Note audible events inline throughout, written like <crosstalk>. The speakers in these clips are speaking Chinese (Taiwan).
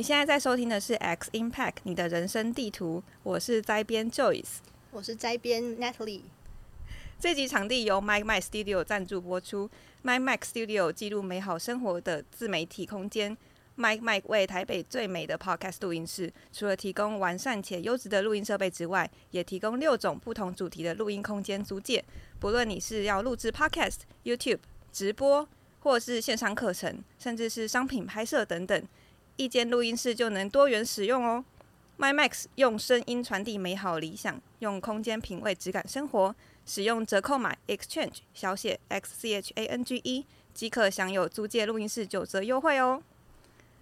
你現在在收聽的是《X Impact》，你的人生地圖。我是哉編 Joyce，我是哉編 Natalie。這集場地由 MicMind Studio 贊助播出。MicMind Studio 記錄美好生活的自媒體空間。MicMind 為台北最美的 Podcast 錄音室，除了提供完善且優質的錄音設備之外，也提供六種不同主題的錄音空間租借。不論你是要錄製 Podcast、YouTube 直播，或是線上課程，甚至是商品拍攝等等，一間錄音室就能多元使用哦。MicMind 用聲音傳遞美好理想，用空間品味質感生活。使用折扣碼 XChange 小寫 X C H A N G E 即可享有租借錄音室九折優惠哦。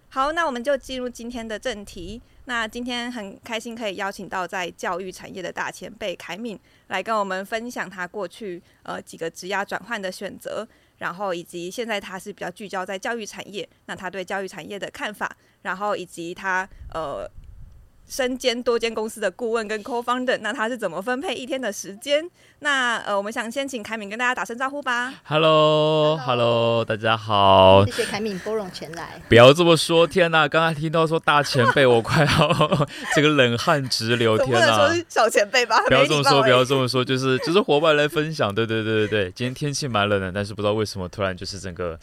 好，那我們就進入今天的正題。那今天很開心可以邀請到在教育產業的大前輩 KM 來跟我們分享他過去呃幾個職業轉換的選擇，然後以及現在他是比較聚焦在教育產業，那他對教育產業的看法。然後以及他呃。身兼多間公司的顧問跟 co-founder，那他是怎麼分配一天的時間？那呃，我們想先請凱敏跟大家打聲招呼吧。Hello，Hello，大家好，謝謝凱敏撥冗前來。不要這麼說，天吶、啊，剛才聽到說大前輩， <laughs> 我快要這個冷汗直流， <laughs> 天哪、啊！說是小前輩吧，不要這麼說，不要這麼說， <laughs> 就是就是夥伴來分享，對對對對對。今天天氣蠻冷的，但是不知道為什麼突然就是整個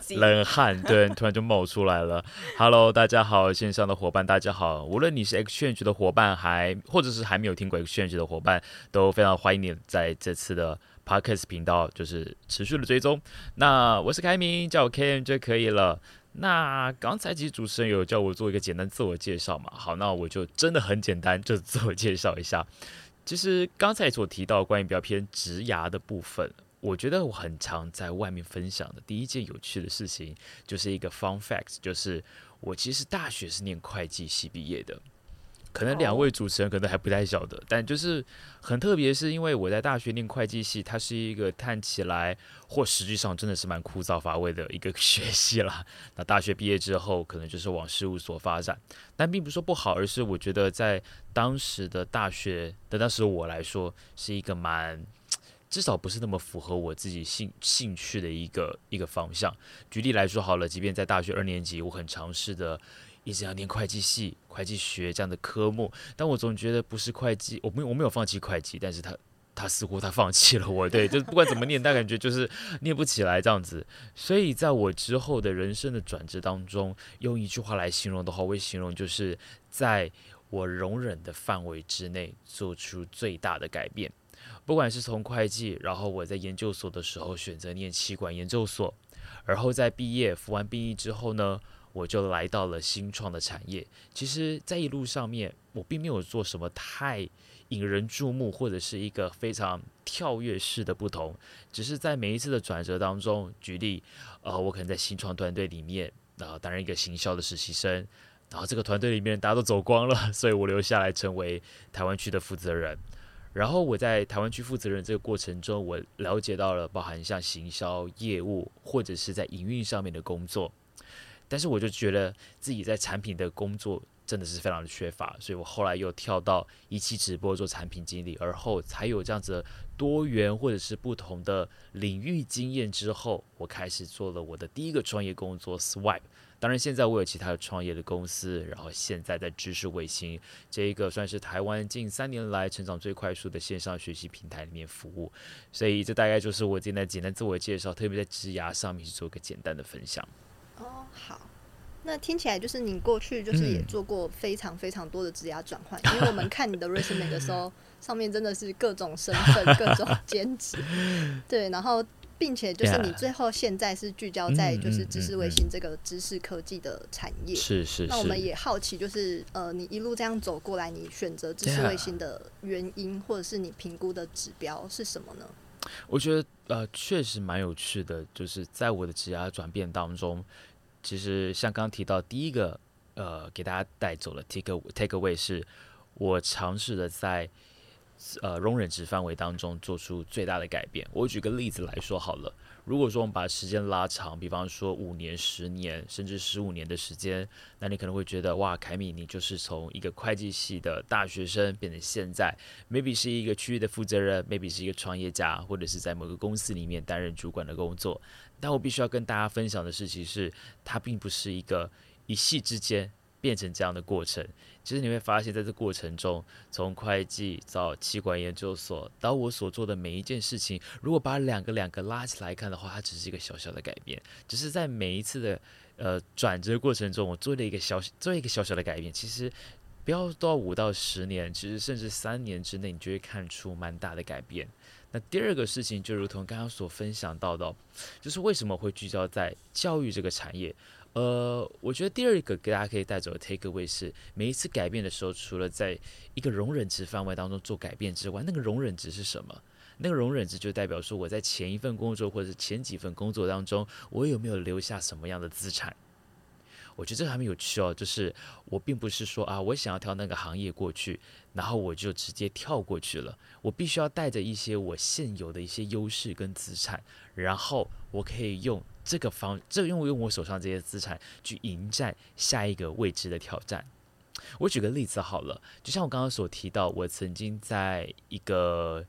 京冷汗，對，突然就冒出來了。 <laughs> Hello，大家好，線上的夥伴大家好，無論你是 X。XChange 的伙伴還，或者是還沒有聽過 XChange 的伙伴，都非常歡迎你在這次的 podcast 頻道，就是持續的追蹤。那我是凱明，叫我 KM 就可以了。那剛才其實主持人有叫我做一個簡單自我介紹嘛。好，那我就真的很簡單，就自我介紹一下。其實剛才所提到關於比較偏職涯的部分，我覺得我很常在外面分享的第一件有趣的事情，就是一個 fun fact，就是我其實大學是念會計系畢業的。可能兩位主持人可能還不太曉得，但就是很特別，是因為我在大學念會計系，它是一個看起來或實際上真的是蠻枯燥乏味的一個學系啦。那大學畢業之後，可能就是往事務所發展，但並不是說不好，而是我覺得在當時的大學的那時候我來說，是一個蠻至少不是那麼符合我自己興興趣的一個一個方向。舉例來說好了，即便在大學二年級，我很嘗試的。一直要念會計系、會計學這樣的科目，但我總覺得不是會計，我沒有我沒有放棄會計，但是他他似乎他放棄了我，對，就不管怎麼念，但感覺就是念不起來這樣子。所以在我之後的人生的轉折當中，用一句話來形容的話，我會形容就是在我容忍的範圍之內做出最大的改變。不管是從會計，然後我在研究所的時候選擇念企管研究所，而後在畢業服完兵役之後呢。我就來到了新創的產業。其實，在一路上面，我並沒有做什麼太引人注目，或者是一個非常跳躍式的不同。只是在每一次的轉折當中，舉例，呃，我可能在新創團隊裡面，然後，呃，擔任一個行銷的實習生。然後這個團隊裡面大家都走光了，所以我留下來成為台灣區的負責人。然後我在台灣區負責人這個過程中，我了解到了包含像行銷業務，或者是在營運上面的工作。但是我就覺得自己在產品的工作真的是非常的缺乏，所以我後來又跳到一期直播做產品經理，而後才有這樣子多元或者是不同的領域經驗。之後，我開始做了我的第一個創業工作 Swipe。當然，現在我有其他創業的公司，然後現在在知識衛星這一個算是台灣近三年來成長最快速的線上學習平台裡面服務。所以，這大概就是我今天簡單自我介紹，特別在職涯上面去做一個簡單的分享。哦，oh, 好，那聽起來就是你過去就是也做過非常非常多的職涯轉換，嗯、因為我們看你的 resume 的時候， <laughs> 上面真的是各種身份、各種兼職， <laughs> 對，然後並且就是你最後現在是聚焦在就是知識衛星這個知識科技的產業，是，是是。那我們也好奇，就是呃，你一路這樣走過來，你選擇知識衛星的原因， <laughs> 或者是你評估的指標是什麼呢？我覺得呃，確實蠻有趣的，就是在我的職涯轉變當中。其實像剛提到第一個，呃，給大家帶走了 take take away 是我嘗試了在呃容忍值範圍當中做出最大的改變。我舉個例子來說好了，如果說我們把時間拉長，比方說五年、十年，甚至十五年的時間，那你可能會覺得，哇，KM，你就是從一個會計系的大學生變成現在 maybe 是一個區域的負責人，maybe 是一個創業家，或者是在某個公司裡面擔任主管的工作。但我必須要跟大家分享的是，其實它並不是一個一夕之間變成這樣的過程。其實你會發現在這過程中，從會計到器官研究所，到我所做的每一件事情，如果把兩個兩個拉起來看的話，它只是一個小小的改變。只是在每一次的呃轉折過程中，我做了一個小做一個小小的改變。其實不要到五到十年，其實甚至三年之內，你就會看出蠻大的改變。那第二個事情就如同剛剛所分享到的，就是為什麼會聚焦在教育這個產業？呃，我覺得第二個給大家可以帶走的 takeaway 是，每一次改變的時候，除了在一個容忍值範圍當中做改變之外，那個容忍值是什麼？那個容忍值就代表說我在前一份工作或者前幾份工作當中，我有沒有留下什麼樣的資產？我覺得這個很有趣哦，就是我並不是說啊，我想要跳那個行業過去，然後我就直接跳過去了。我必須要帶着一些我現有的一些優勢跟資產，然後我可以用這個方，這個用用我手上這些資產去迎戰下一個未知的挑戰。我舉個例子好了，就像我剛剛所提到，我曾經在一個。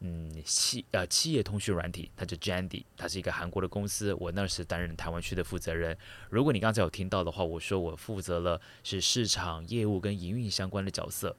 嗯，企呃企業通訊軟體，它叫 Jandy，它是一個韓國的公司。我那時擔任台灣區的負責人。如果你剛才有聽到的話，我說我負責了是市場業務跟營運相關的角色。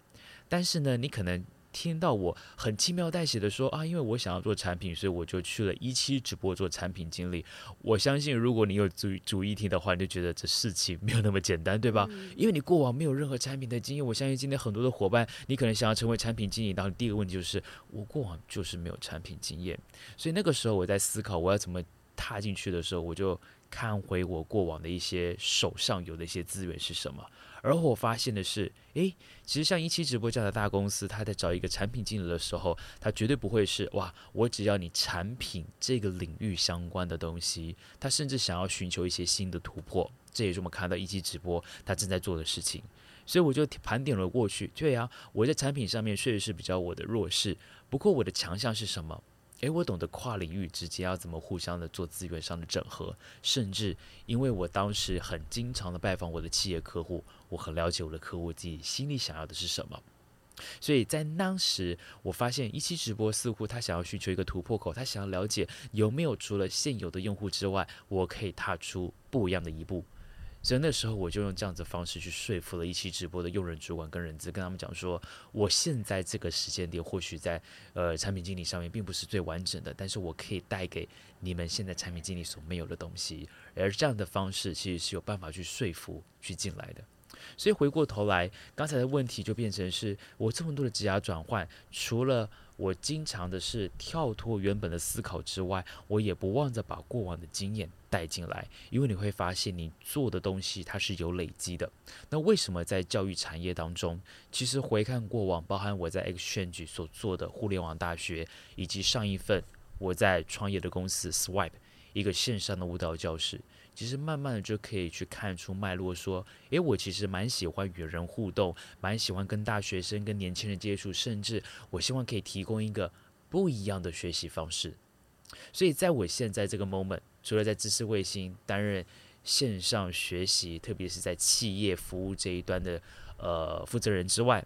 但是呢，你可能。聽到我很輕描淡寫的說啊，因為我想要做產品，所以我就去了17直播做產品經理。我相信，如果你有注注意聽的話，你就覺得這事情沒有那麼簡單，對吧？嗯、因為你過往沒有任何產品的經驗。我相信今天很多的夥伴，你可能想要成為產品經理，當然第一個問題就是我過往就是沒有產品經驗。所以那個時候我在思考我要怎麼踏進去的時候，我就看回我過往的一些手上有的一些資源是什麼。而我發現的是，誒，其實像17直播這樣的大公司，他在找一個產品經理的時候，他絕對不會是哇，我只要你產品這個領域相關的東西，他甚至想要尋求一些新的突破。這也是我們看到17直播他正在做的事情。所以我就盤點了過去，對呀、啊，我在產品上面確實是比較我的弱勢，不過我的強項是什麼？誒，我懂得跨領域之間要怎麼互相的做資源上的整合，甚至因為我當時很經常的拜訪我的企業客戶。我很了解我的客戶自己心裡想要的是什麼，所以在那時，我發現一期直播似乎他想要尋求一個突破口，他想要了解有沒有除了現有的用戶之外，我可以踏出不一樣的一步。所以那時候我就用這樣子的方式去說服了一期直播的用人主管跟人資，跟他們講說，我現在這個時間點或許在呃產品經理上面並不是最完整的，但是我可以帶給你們現在產品經理所沒有的東西，而這樣的方式其實是有辦法去說服去進來的。所以回過頭來，剛才的問題就變成是：我這麼多的職涯轉換，除了我經常的是跳脫原本的思考之外，我也不忘着把過往的經驗帶進來。因為你會發現，你做的東西它是有累積的。那為什麼在教育產業當中，其實回看過往，包含我在 XChange 所做的互聯網大學，以及上一份我在創業的公司 Swipe，一個線上的舞蹈教室。其實慢慢的就可以去看出脈絡，說，誒，我其實蠻喜歡與人互動，蠻喜歡跟大學生、跟年輕人接觸，甚至我希望可以提供一個不一樣的學習方式。所以在我現在這個 moment，除了在知識衛星擔任線上學習，特別是在企業服務這一端的呃負責人之外，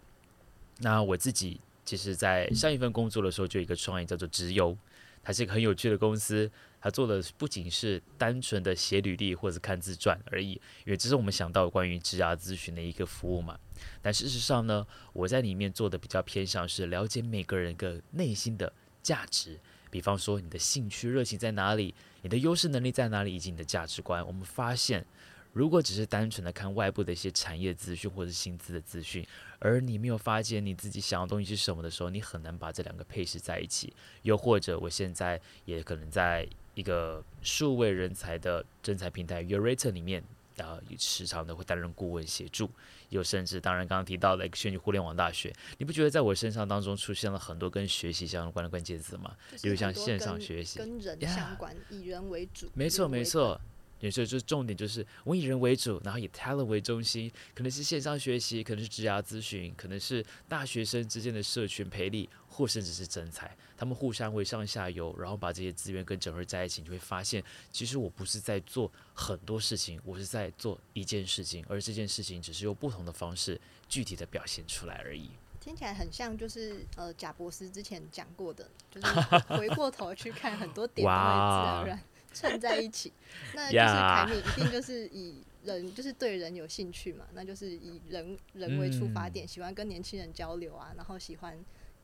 那我自己其實在上一份工作的時候就有一個創業，叫做 Swipe。它是一個很有趣的公司。他做的不僅是單純的寫履歷或者看自傳而已，因為這是我們想到關於職涯諮詢的一個服務嘛。但事實上呢，我在裡面做的比較偏向是了解每個人的內心的價值，比方說你的興趣熱情在哪裡，你的優勢能力在哪裡，以及你的價值觀。我們發現，如果只是單純的看外部的一些產業資訊或者薪資的資訊，而你沒有發現你自己想要的東西是什麼的時候，你很難把這兩個配置在一起。又或者我現在也可能在。一個數位人才的徵才平台 Yourator 裡面，written，然後時常的會擔任顧問協助，又甚至當然剛剛提到的騰訊互聯網大學，你不覺得在我身上當中出現了很多跟學習相關的關鍵詞嗎？是比如像線上學習，跟人相關，yeah，以人為主。沒錯，沒錯。也是，所以就是重點就是，我以人為主，然後以 talent 為中心，可能是線上學習，可能是職涯諮詢，可能是大學生之間的社群培力，或甚至是徵才，他們互相為上下游，然後把這些資源跟整合在一起，你就會發現，其實我不是在做很多事情，我是在做一件事情，而這件事情只是用不同的方式具體的表現出來而已。聽起來很像就是呃，賈伯斯之前講過的，就是回過頭去看很多點 <laughs> 串在一起，那就是 KM 一定就是以人，Yeah. 就是對人有興趣嘛，那就是以人人為出發點，嗯、喜歡跟年輕人交流啊，然後喜歡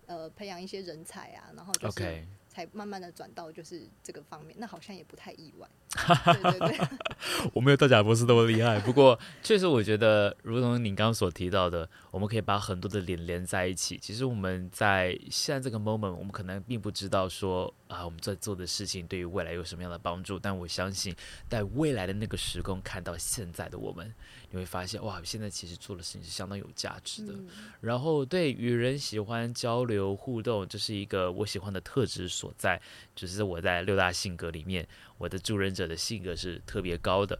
呃培養一些人才啊，然後就是 Okay. 才慢慢的轉到就是這個方面，那好像也不太意外。 <laughs> 對對對， <laughs> 我沒有到賈伯斯那麼厲害，不過確實我覺得，如同你剛剛所提到的，我們可以把很多的點連，連在一起。其實我們在現在這個 moment，我們可能並不知道說。啊，我們在做的事情對於未來有什麼樣的幫助？但我相信，在未來的那個時空看到現在的我們，你會發現哇，現在其實做的事情是相當有價值的。嗯、然後，對，與人喜歡交流互動，這是一個我喜歡的特質所在。只是我在六大性格裡面，我的助人者的性格是特別高的。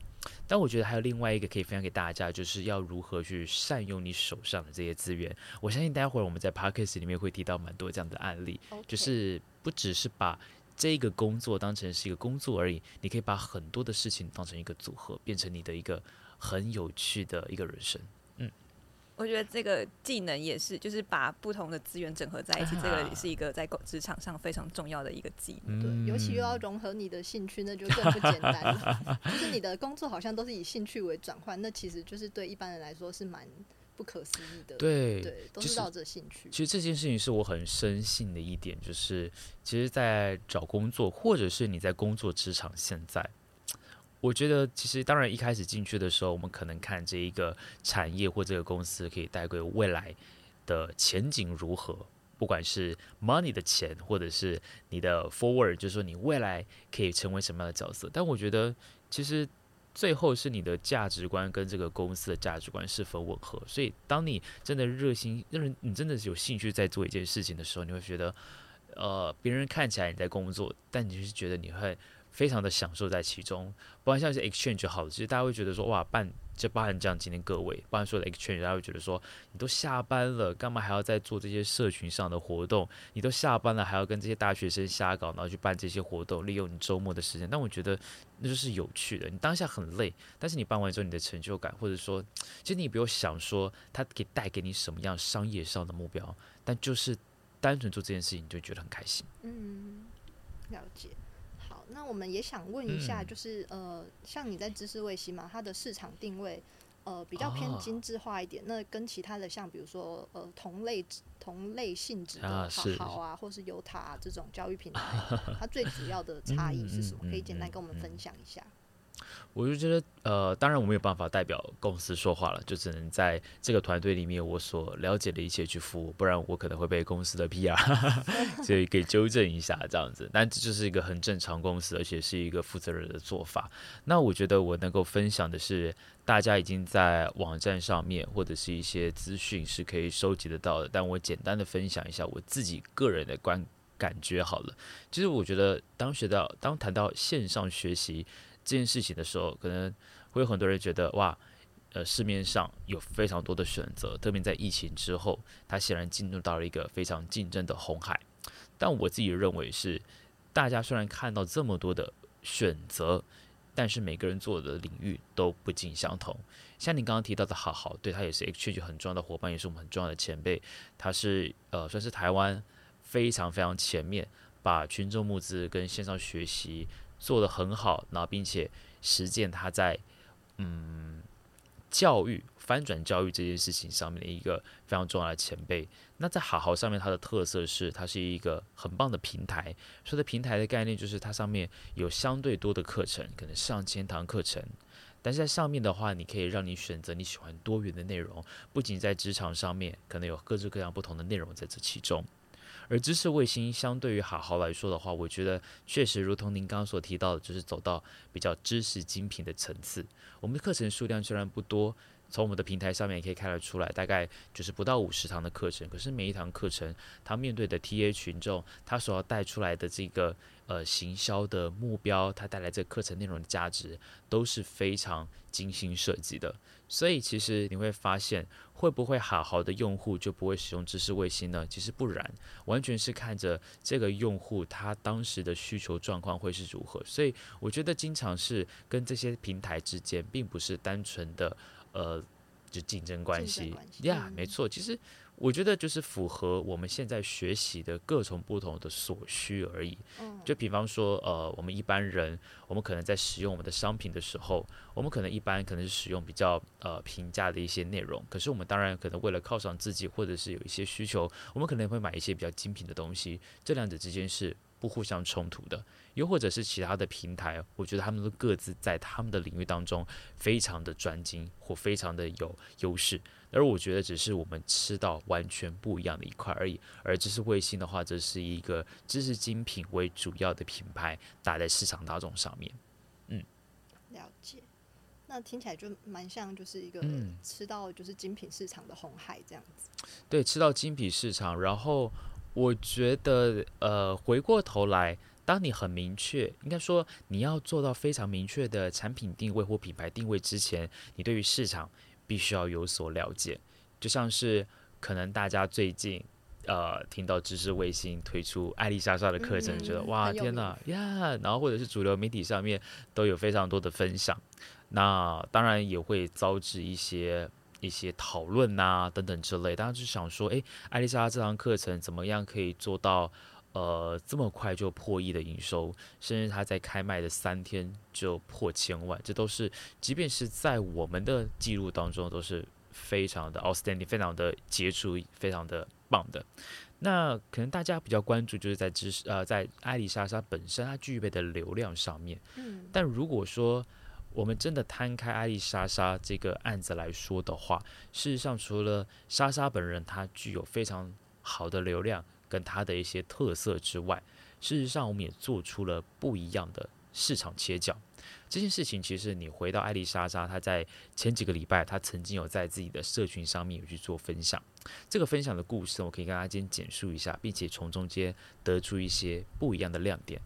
但我覺得還有另外一個可以分享給大家，就是要如何去善用你手上的這些資源。我相信待會兒我們在 podcast 裡面會提到蠻多這樣的案例，就是不只是把這個工作當成是一個工作而已，你可以把很多的事情當成一個組合，變成你的一個很有趣的一個人生。我覺得這個技能也是，就是把不同的資源整合在一起，這個也是一個在職場上非常重要的一個技能。嗯、對，尤其又要融合你的興趣，那就更不簡單了。 <laughs> 就是你的工作好像都是以興趣為轉換，那其實就是對一般人來說是蠻不可思議的。對，對，都是靠著興趣、就是。其實這件事情是我很深信的一點，就是其實，在找工作，或者是你在工作職場，現在。我覺得其實，當然一開始進去的時候，我們可能看這一個產業或這個公司可以帶給未來的前景如何，不管是 money 的錢，或者是你的 forward，就是說你未來可以成為什麼樣的角色。但我覺得其實最後是你的價值觀跟這個公司的價值觀是否吻合。所以當你真的熱心，就是你真的有興趣在做一件事情的時候，你會覺得。呃，別人看起來你在工作，但你就是覺得你會非常的享受在其中。不然像是 XChange 好，其實大家會覺得說哇，辦這辦這樣，今天各位不然說的 XChange，大家會覺得說你都下班了，幹嘛還要再做這些社群上的活動？你都下班了，還要跟這些大學生瞎搞，然後去辦這些活動，利用你周末的時間。但我覺得那就是有趣的。你當下很累，但是你辦完之後你的成就感，或者說，其實你不用想說它給帶給你什麼樣商業上的目標，但就是。單純做這件事情，你就覺得很開心。嗯，了解。好，那我們也想問一下，就是、嗯、呃，像你在知識衛星嘛，它的市場定位呃比較偏精緻化一點。哦、那跟其他的像比如說呃同類同類性質的好好啊，啊是或是優塔、啊、這種教育平台，是是是它最主要的差異是什麼？ <laughs> 可以簡單跟我們分享一下。嗯嗯嗯嗯我就覺得，呃，當然我沒有辦法代表公司說話了，就只能在這個團隊裡面我所了解的一切去服務，不然我可能會被公司的 PR <laughs> 所以給糾正一下這樣子。但這就是一個很正常公司，而且是一個負責任的做法。那我覺得我能夠分享的是，大家已經在網站上面或者是一些資訊是可以收集得到的。但我簡單的分享一下我自己個人的觀感覺好了。其實我覺得，當學到當談到線上學習。這件事情的時候，可能會有很多人覺得，哇，呃，市面上有非常多的選擇，特別在疫情之後，它顯然進入到了一個非常競爭的紅海。但我自己認為是，大家雖然看到這麼多的選擇，但是每個人做的領域都不盡相同。像你剛剛提到的好好，對，他也是 H 教育很重要的伙伴，也是我們很重要的前輩。他是呃，算是台灣非常非常前面，把群眾募資跟線上學習。做得很好，然後並且實踐他在嗯，教育翻轉教育這件事情上面的一個非常重要的前輩。那在好好上面，它的特色是它是一個很棒的平台。所以說的平台的概念，就是它上面有相對多的課程，可能上千堂課程。但是在上面的話，你可以讓你選擇你喜歡多元的內容，不僅在職場上面，可能有各式各樣不同的內容在這其中。而知識衛星相對於好好來說的話，我覺得確實如同您剛剛所提到的，就是走到比較知識精品的層次。我們的課程數量雖然不多，從我們的平台上面也可以看得出來，大概就是不到五十堂的課程。可是每一堂課程，它面對的 TA 群眾，他所要帶出來的這個呃行銷的目標，它帶來這課程內容的價值，都是非常精心設計的。所以其實你會發現，會不會好好的用戶就不會使用知識衛星呢？其實不然，完全是看着這個用戶他當時的需求狀況會是如何。所以我覺得經常是跟這些平台之間，並不是單純的呃就競爭關係。呀，yeah, 沒錯，嗯，其實。我覺得就是符合我們現在學習的各種不同的所需而已。就比方說，呃，我們一般人，我們可能在使用我們的商品的時候，我們可能一般可能是使用比較呃平價的一些內容。可是我們當然可能為了犒賞自己，或者是有一些需求，我們可能會買一些比較精品的東西。這兩者之間是。不互相衝突的，又或者是其他的平台，我覺得他們都各自在他們的領域當中非常的專精或非常的有優勢，而我覺得只是我們吃到完全不一樣的一塊而已。而這是衛星的話，這是一個知識精品為主要的品牌打在市場大眾上面。嗯，了解。那聽起來就蠻像，就是一個、嗯、吃到就是精品市場的紅海這樣子。對，吃到精品市場，然後。我覺得，呃，回過頭來，當你很明確，應該說你要做到非常明確的產品定位或品牌定位之前，你對於市場必須要有所了解。就像是可能大家最近，呃，聽到知識衛星推出愛莉莎莎的課程，嗯、覺得哇天哪呀，Yeah, 然後或者是主流媒體上面都有非常多的分享，那當然也會遭致一些。一些討論吶、啊，等等之類，大家就想說，誒，艾莉莎這堂課程怎麼樣可以做到，呃，這麼快就破億的營收，甚至她在開賣的三天就破千萬，這都是，即便是在我們的記錄當中，都是非常的 outstanding，非常的傑出，非常的棒的。那可能大家比較關注就是在知識，呃，在艾莉莎莎本身她具備的流量上面，但如果說。我們真的攤開艾莉莎莎這個案子來說的話，事實上除了莎莎本人她具有非常好的流量跟她的一些特色之外，事實上我們也做出了不一樣的市場切角。這件事情其實你回到艾莉莎莎，她在前幾個禮拜她曾經有在自己的社群上面有去做分享，這個分享的故事我可以跟大家先簡述一下，並且從中間得出一些不一樣的亮點。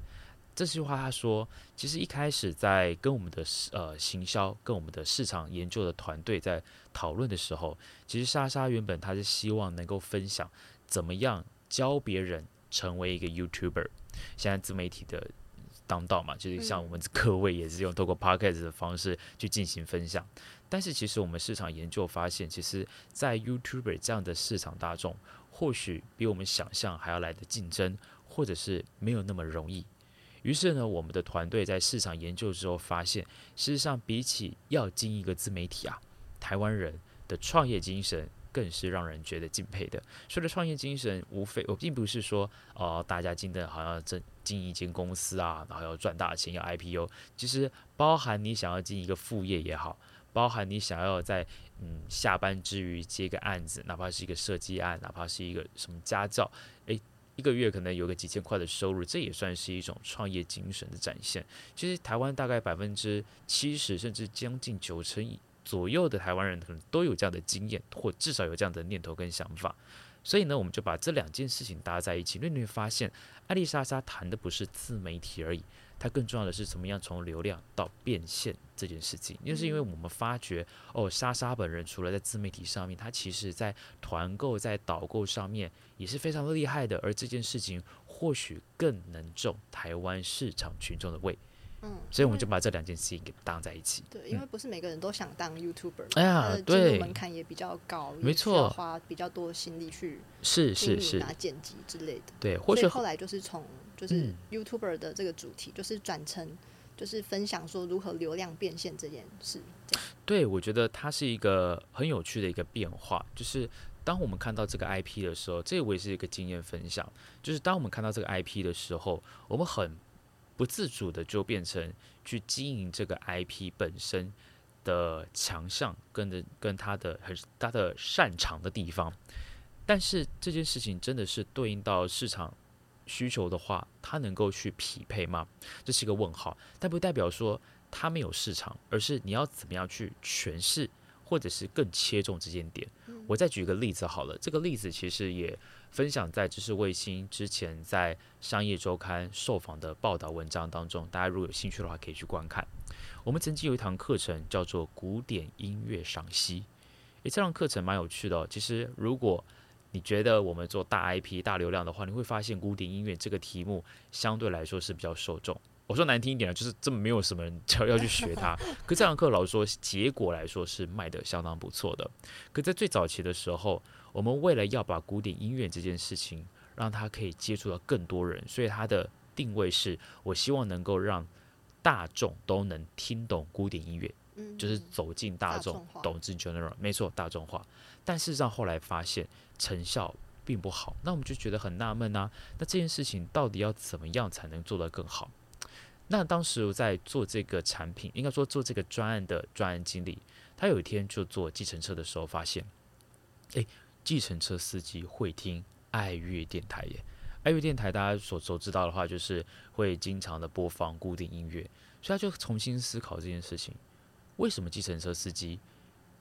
這句話他說：“其實一開始在跟我們的呃行銷、跟我們的市場研究的團隊在討論的時候，其實莎莎原本她是希望能夠分享怎麼樣教別人成為一個 YouTuber。現在自媒體的當道嘛，就是像我們各位也是用透過 Podcast 的方式去進行分享。嗯。但是其實我們市場研究發現，其實，在 YouTuber 這樣的市場大眾，或許比我們想象還要來的競爭，或者是沒有那麼容易。”於是呢，我們的團隊在市場研究之後發現，事實上，比起要進一個自媒體啊，台灣人的創業精神更是讓人覺得敬佩的。所以的創業精神，無非我並不是說，呃，大家今天好像進一間公司啊，然後要賺大錢，要 IPO。其實包含你想要進一個副業也好，包含你想要在嗯下班之餘接個案子，哪怕是一個設計案，哪怕是一個什麼家教。一個月可能有個幾千塊的收入，這也算是一種創業精神的展現。其實台灣大概百分之七十甚至將近九成左右的台灣人可能都有這樣的經驗，或至少有這樣的念頭跟想法。所以呢，我們就把這兩件事情搭在一起，你會發現，愛莉莎莎談的不是自媒體而已。它更重要的是怎麼樣從流量到變現這件事情，就是因為我們發覺哦，莎莎本人除了在自媒體上面，她其實在團購、在導購上面也是非常厲害的，而這件事情或許更能中台灣市場群眾的胃。嗯，所以我們就把這兩件事情給當在一起。對，嗯、因為不是每個人都想當 YouTuber，哎呀，對，門檻也比較高，沒錯，花比較多的心力去是是是剪輯之類的。是是是對，或許所以後來就是從。就是 YouTuber 的這個主題，嗯、就是轉成，就是分享說如何流量變現這件事。對，我覺得它是一個很有趣的一個變化。就是當我們看到這個 IP 的時候，這我也是一個經驗分享。就是當我們看到這個 IP 的時候，我們很不自主的就變成去經營這個 IP 本身的強項，跟的跟他的很他的擅長的地方。但是這件事情真的是對應到市場。需求的話，它能夠去匹配嗎？這是一個問號，但不代表說它沒有市場，而是你要怎麼樣去詮釋，或者是更切中這些點。嗯、我再舉一個例子好了，這個例子其實也分享在知識衛星之前在商業週刊受訪的報道文章當中，大家如果有興趣的話，可以去觀看。我們曾經有一堂課程叫做古典音樂賞析，誒，這堂課程蠻有趣的哦。其實如果你覺得我們做大 IP、大流量的話，你會發現古典音樂這個題目相對來說是比較受眾。我說難聽一點呢，就是這麼沒有什麼人就要去學它。 <laughs> 可這堂課老實說，結果來說是賣得相當不錯的。可在最早期的時候，我們為了要把古典音樂這件事情讓它可以接觸到更多人，所以它的定位是：我希望能夠讓大眾都能聽懂古典音樂，嗯嗯就是走進大眾，大懂進 general 沒錯，大眾化。嗯、但事實上後來發現。成效並不好，那我們就覺得很納悶啊。那這件事情到底要怎麼樣才能做得更好？那當時我在做這個產品，應該說做這個專案的專案經理，他有一天就坐計程車的時候發現，誒、欸，計程車司機會聽愛樂電台耶。愛樂電台大家所所知道的話，就是會經常的播放固定音樂，所以他就重新思考這件事情：為什麼計程車司機，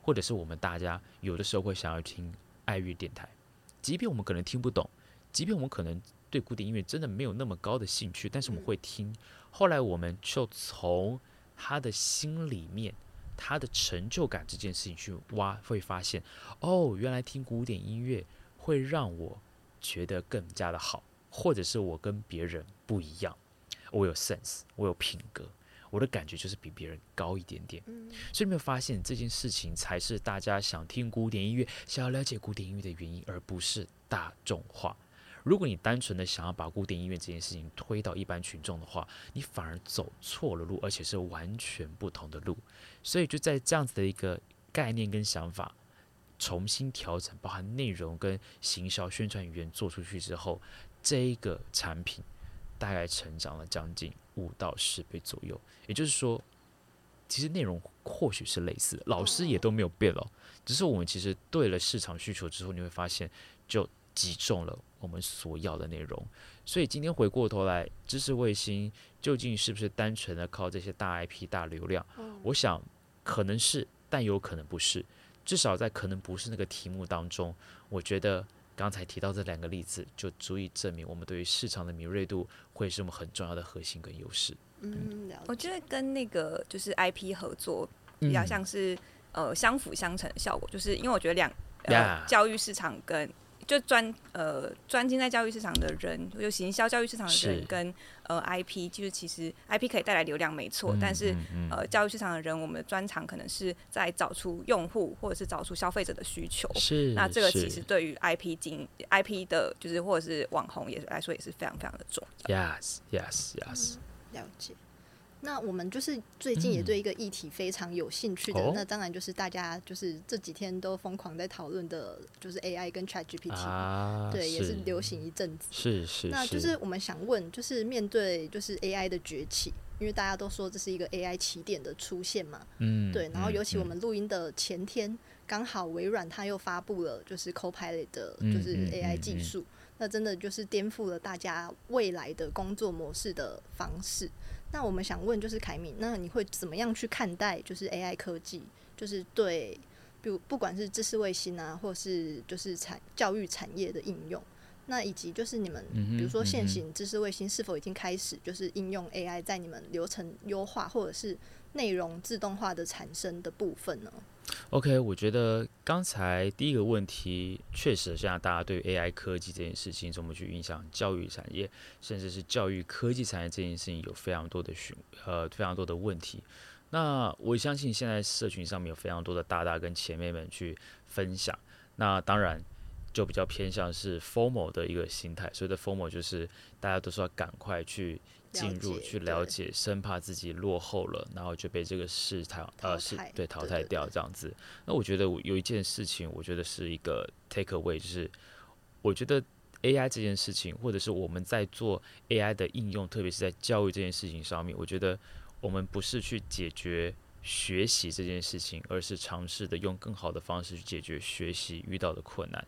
或者是我們大家有的時候會想要聽？愛樂電台，即便我們可能聽不懂，即便我們可能對古典音樂真的沒有那麼高的興趣，但是我們會聽。後來我們就從他的心裡面、他的成就感這件事情去挖，會發現哦，原來聽古典音樂會讓我覺得更加的好，或者是我跟別人不一樣，我有 sense，我有品格。我的感覺就是比別人高一點點，所以你沒有發現這件事情才是大家想聽古典音樂、想要了解古典音樂的原因，而不是大眾化。如果你單純的想要把古典音樂這件事情推到一般群眾的話，你反而走錯了路，而且是完全不同的路。所以就在這樣子的一個概念跟想法重新調整，包含內容跟行銷宣傳語言做出去之後，這一個產品，大概成長了將近五到十倍左右，也就是說，其實內容或許是類似的，老師也都沒有變哦，只是我們其實對了市場需求之後，你會發現就集中了我們所要的內容。所以今天回過頭來，知識衛星究竟是不是單純的靠這些大 IP 大流量？我想可能是，但有可能不是。至少在可能不是那個題目當中，我覺得。剛才提到這兩個例子，就足以證明我們對於市場的敏銳度會是我們很重要的核心跟優勢。嗯，嗯，我覺得跟那個就是 IP 合作比較像是呃相輔相成的效果，嗯、就是因為我覺得兩兩 Yeah.、呃、教育市場跟，就專呃專精在教育市場的人，就行銷教育市場的人跟是呃 IP，就是其實 IP 可以帶來流量沒錯，嗯、但是、嗯嗯、呃教育市場的人，我們的專長可能是在找出用戶或者是找出消費者的需求。是那這個其實對於 IP 經是 IP 的，就是或者是網紅也是來說也是非常非常的重要。Yes yes yes，、嗯、了解。那我們就是最近也對一個議題非常有興趣的，嗯、那當然就是大家就是這幾天都瘋狂在討論的，就是 A I 跟 Chat G P T，、啊、對，是也是流行一陣子。是是是。是是那就是我們想問，就是面對就是 A I 的崛起，因為大家都說這是一個 A I 起點的出現嘛，嗯，對。然後尤其我們錄音的前天，剛、嗯、好微軟它又發布了就是 Copilot 就是 A I 技術，嗯嗯嗯嗯、那真的就是顛覆了大家未來的工作模式的方式。那我們想問就是 KM，那你會怎麼樣去看待就是 AI 科技，就是對，比如不管是知識衛星啊，或是就是產教育產業的應用，那以及就是你們比如說現行知識衛星是否已經開始就是應用 AI 在你們流程優化或者是內容自動化的產生的部分呢？OK，我覺得剛才第一個問題，確實現在大家對於 AI 科技這件事情怎麼去影響教育產業，甚至是教育科技產業這件事情，有非常多的詢，呃，非常多的問題。那我相信現在社群上面有非常多的大大跟前輩們去分享。那當然就比較偏向是 formal 的一個心態，所以的 formal 就是大家都說要趕快去。進入去了解，了解生怕自己落後了，對然後就被這個事淘汰呃，是對，淘汰掉這樣子。對對對，那我覺得我有一件事情，我覺得是一個 take away，就是我覺得 AI 這件事情，或者是我們在做 AI 的應用，特別是在教育這件事情上面，我覺得我們不是去解決學習這件事情，而是嘗試的用更好的方式去解決學習遇到的困難。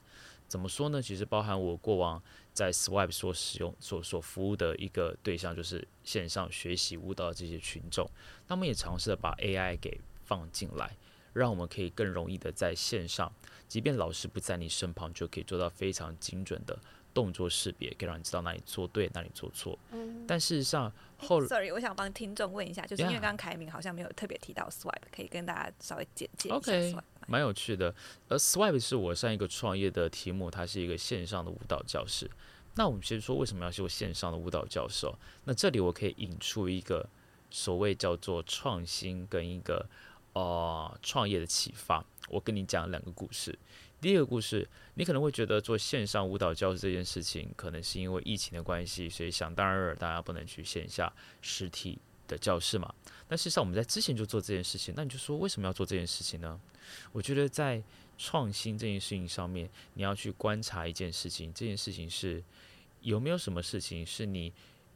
怎麼說呢？其實包含我過往。在 Swipe 所使用所所服務的一個對象就是線上學習舞蹈的這些群眾，那我們也嘗試了把 AI 給放進來，讓我們可以更容易的在線上，即便老師不在你身旁，就可以做到非常精準的動作識別，可以讓你知道哪裡做對，哪裡做錯。嗯。但事實上，後 hey, Sorry，我想幫聽眾問一下，就是因為剛剛凱明好像沒有特別提到 Swipe，Yeah. 可以跟大家稍微簡介一下蠻有趣的，而 Swipe 是我上一個創業的題目，它是一個線上的舞蹈教室。那我們先說為什麼要修線上的舞蹈教室哦？那這裡我可以引出一個所謂叫做創新跟一個呃創業的啟發。我跟你講兩個故事。第一個故事，你可能會覺得做線上舞蹈教室這件事情，可能是因為疫情的關係，所以想當然大家不能去線下實體的教室嘛。那事實上，我們在之前就做這件事情。那你就說，為什麼要做這件事情呢？我覺得在創新這件事情上面，你要去觀察一件事情，這件事情是有沒有什麼事情是你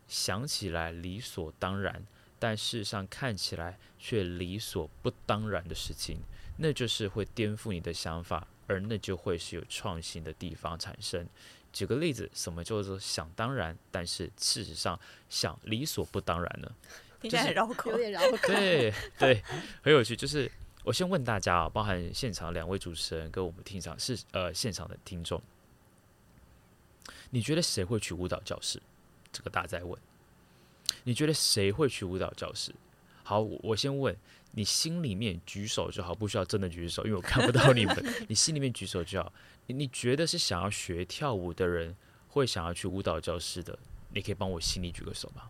想起來理所當然，但事實上看起來卻理所不當然的事情，那就是會顛覆你的想法，而那就會是有創新的地方產生。舉個例子，什麼叫做想當然，但是事實上想理所不當然呢？就是、對對，很有趣。就是我先問大家啊、哦，包含現場兩位主持人跟我們聽場是呃現場的聽眾，你覺得誰會去舞蹈教室？這個大家再問，你覺得誰會去舞蹈教室？好，我，我先問你，心裡面舉手就好，不需要真的舉手，因為我看不到你們。 <laughs> 你心裡面舉手就好你。你覺得是想要學跳舞的人會想要去舞蹈教室的？你可以幫我心裡舉個手嗎？